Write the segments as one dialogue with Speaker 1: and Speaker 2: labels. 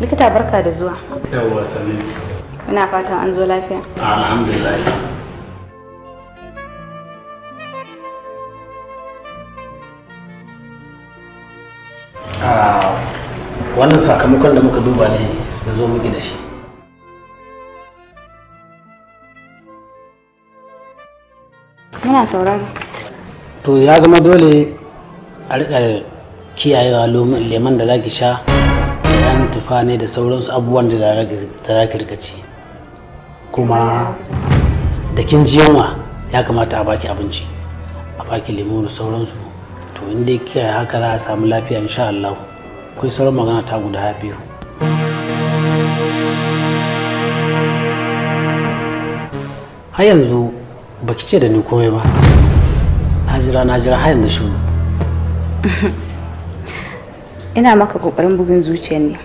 Speaker 1: likita
Speaker 2: barka da zuwa yawwa sami
Speaker 1: ina fatan an zo lafiya alhamdulillah ah, wannan sakamakon da muka duba ne da zo muke da shi yana sauraro. to ya zama dole a riƙa kiyayewa leman da za ki sha kayan tufa ne da sauransu abubuwan da za ka rika ci kuma da kin ji yunwa ya kamata a baki abinci a baki lemu da sauransu to inda kiyaye haka za a samu lafiya insha Allah akwai sauran magana ta guda biyu har yanzu baki ce da ni komai ba na jira na jira har yanzu shiru
Speaker 2: ina maka kokarin bugun zuciya ne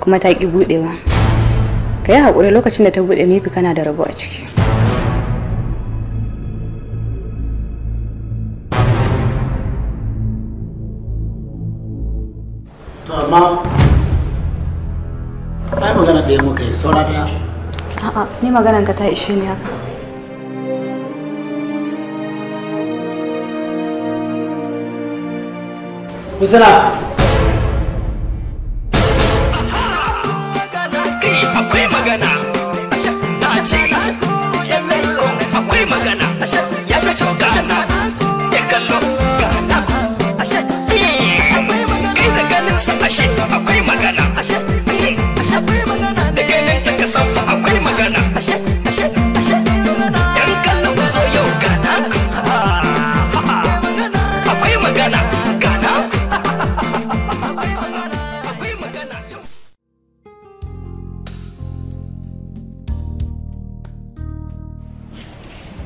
Speaker 2: kuma ta ki budewa ka hakuri lokacin da ta bude mifi kana da rabo a ciki
Speaker 1: to amma ai magana ɗaya muka yi saura a'a ni maganan ka ta ishe ni haka Husna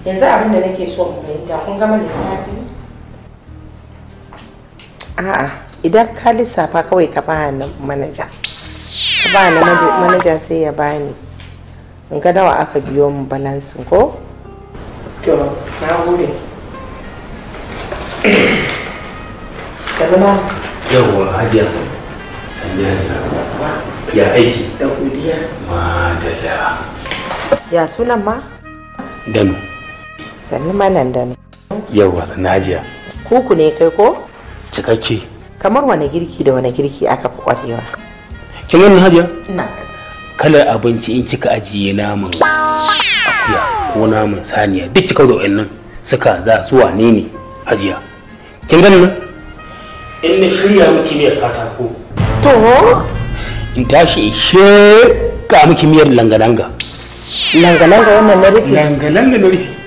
Speaker 2: yanzu abinda da nake so mu fahimta kun gama lissafi a'a idan ka lissafa kawai ka ba na manaja ka ba na manaja sai ya bani in ga nawa aka biyo mu balansin ko to na gode salama
Speaker 1: yawwa hajiya ya aiki da godiya
Speaker 2: madalla ya sunan ma dano sannu malam da
Speaker 1: yauwa najiya
Speaker 2: kuku ne kai ko cikakke kamar wani girki da wani girki aka fi kwarewa kin wannan hajiya ina
Speaker 1: kalar abinci in kika ajiye naman akuya ko naman saniya duk kika da wayannan suka za su wane ne hajiya kin gani nan in shirya miki miyar katako to in tashi in shirka miki miyar langalanga langalanga wannan na rufe langalanga
Speaker 2: na rufe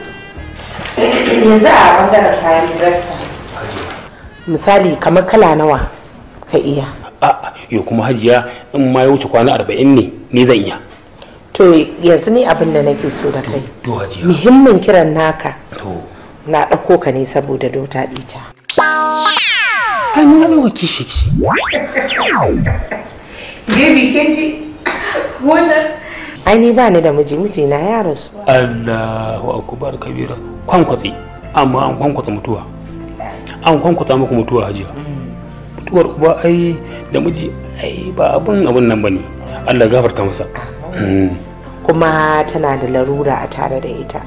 Speaker 2: za a bangaren kayan breakfast misali kamar kala nawa ka iya
Speaker 1: a'a yo kuma hajiya in ma ya wuce kwana arba'in ne ne zan iya
Speaker 2: to yanzu ne abin da nake so da kai muhimmin kiran naka na ɗauko ka ne saboda dota ɗita ai mun wani waki shi shi baby kenji wannan ai ni ba ni da miji na yaro su. Allahu
Speaker 1: akubar kabira kwankwatsi amma an kwankwata mutuwa an kwankwata muku mutuwa hajiya mutuwar uba ai da miji ai ba abin abin nan bane Allah gafarta masa
Speaker 2: kuma tana da larura a tare da ita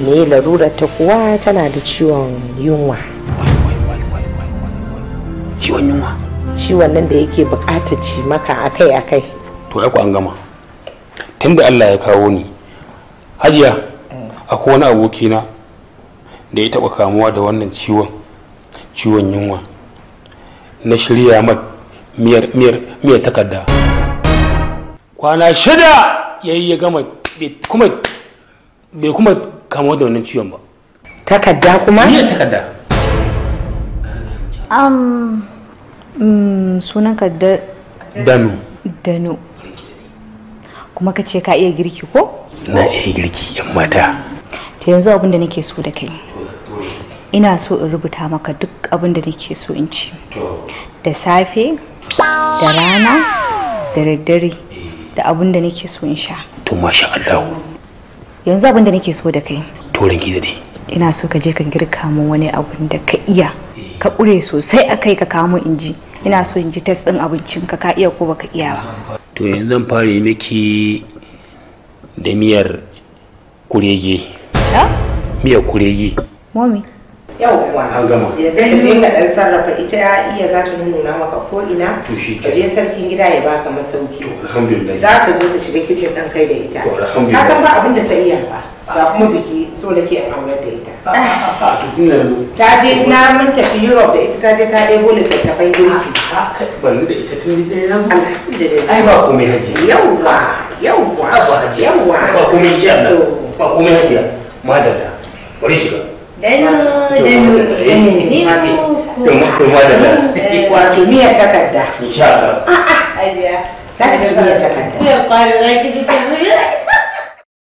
Speaker 2: me larurar ta kuwa tana da ciwon yunwa ciwon yunwa ciwon nan da yake bukatar ci maka akai akai
Speaker 1: to ai ku an gama tunda Allah ya kawo ni hajiya mm. akwai wani abokina da ya taɓa kamuwa da wannan ciwon ciwon yunwa na shirya mat miyar miyar miyar takarda kwana shida ya yi ya gama bai kuma kamuwa da wannan ciwon ba takarda kuma miyar takarda
Speaker 2: um, um sunanka da danu kuma ka ce ka iya girki ko
Speaker 1: na iya girki yan mata
Speaker 2: ta yanzu abin da nake so da kai ina so in rubuta maka duk abin da nake so in ci da safe da rana da daddare da abin da nake so in sha
Speaker 1: to masha Allah
Speaker 2: yanzu abin da nake so da kai
Speaker 1: to ranki da dai
Speaker 2: ina so ka je ka girka min wani abin da ka iya ka kure sosai a kai ka kamo in ji ina so in ji test ɗin abincin ka ka iya ko baka iya ba
Speaker 1: to yanzu zan fara miki da miyar kurege miyar kurege momi
Speaker 2: yawwa yanzu ka je ka dan sarrafa ita ya iya za ta nuna maka ko ina ka je sarkin gida ya baka masauki za ka zo ta shiga kicin ɗan kai da ita ka san ba abin da ta iya ba ba kuma biki so da ke aure da ita
Speaker 1: ta je na
Speaker 2: mun tafi europe da ita ta je ta ɗebo littattafan girki
Speaker 1: ban da ita tun da ya ai ba komai haji
Speaker 2: yawwa yawwa yawwa ba komai
Speaker 1: haji ba komai haji madalla bari shiga dano dano dano kuma da nan wato miyar Ah,
Speaker 2: ah, Allah a'a ajiya za ka ci miyar takarda ya kwari za ki ci ta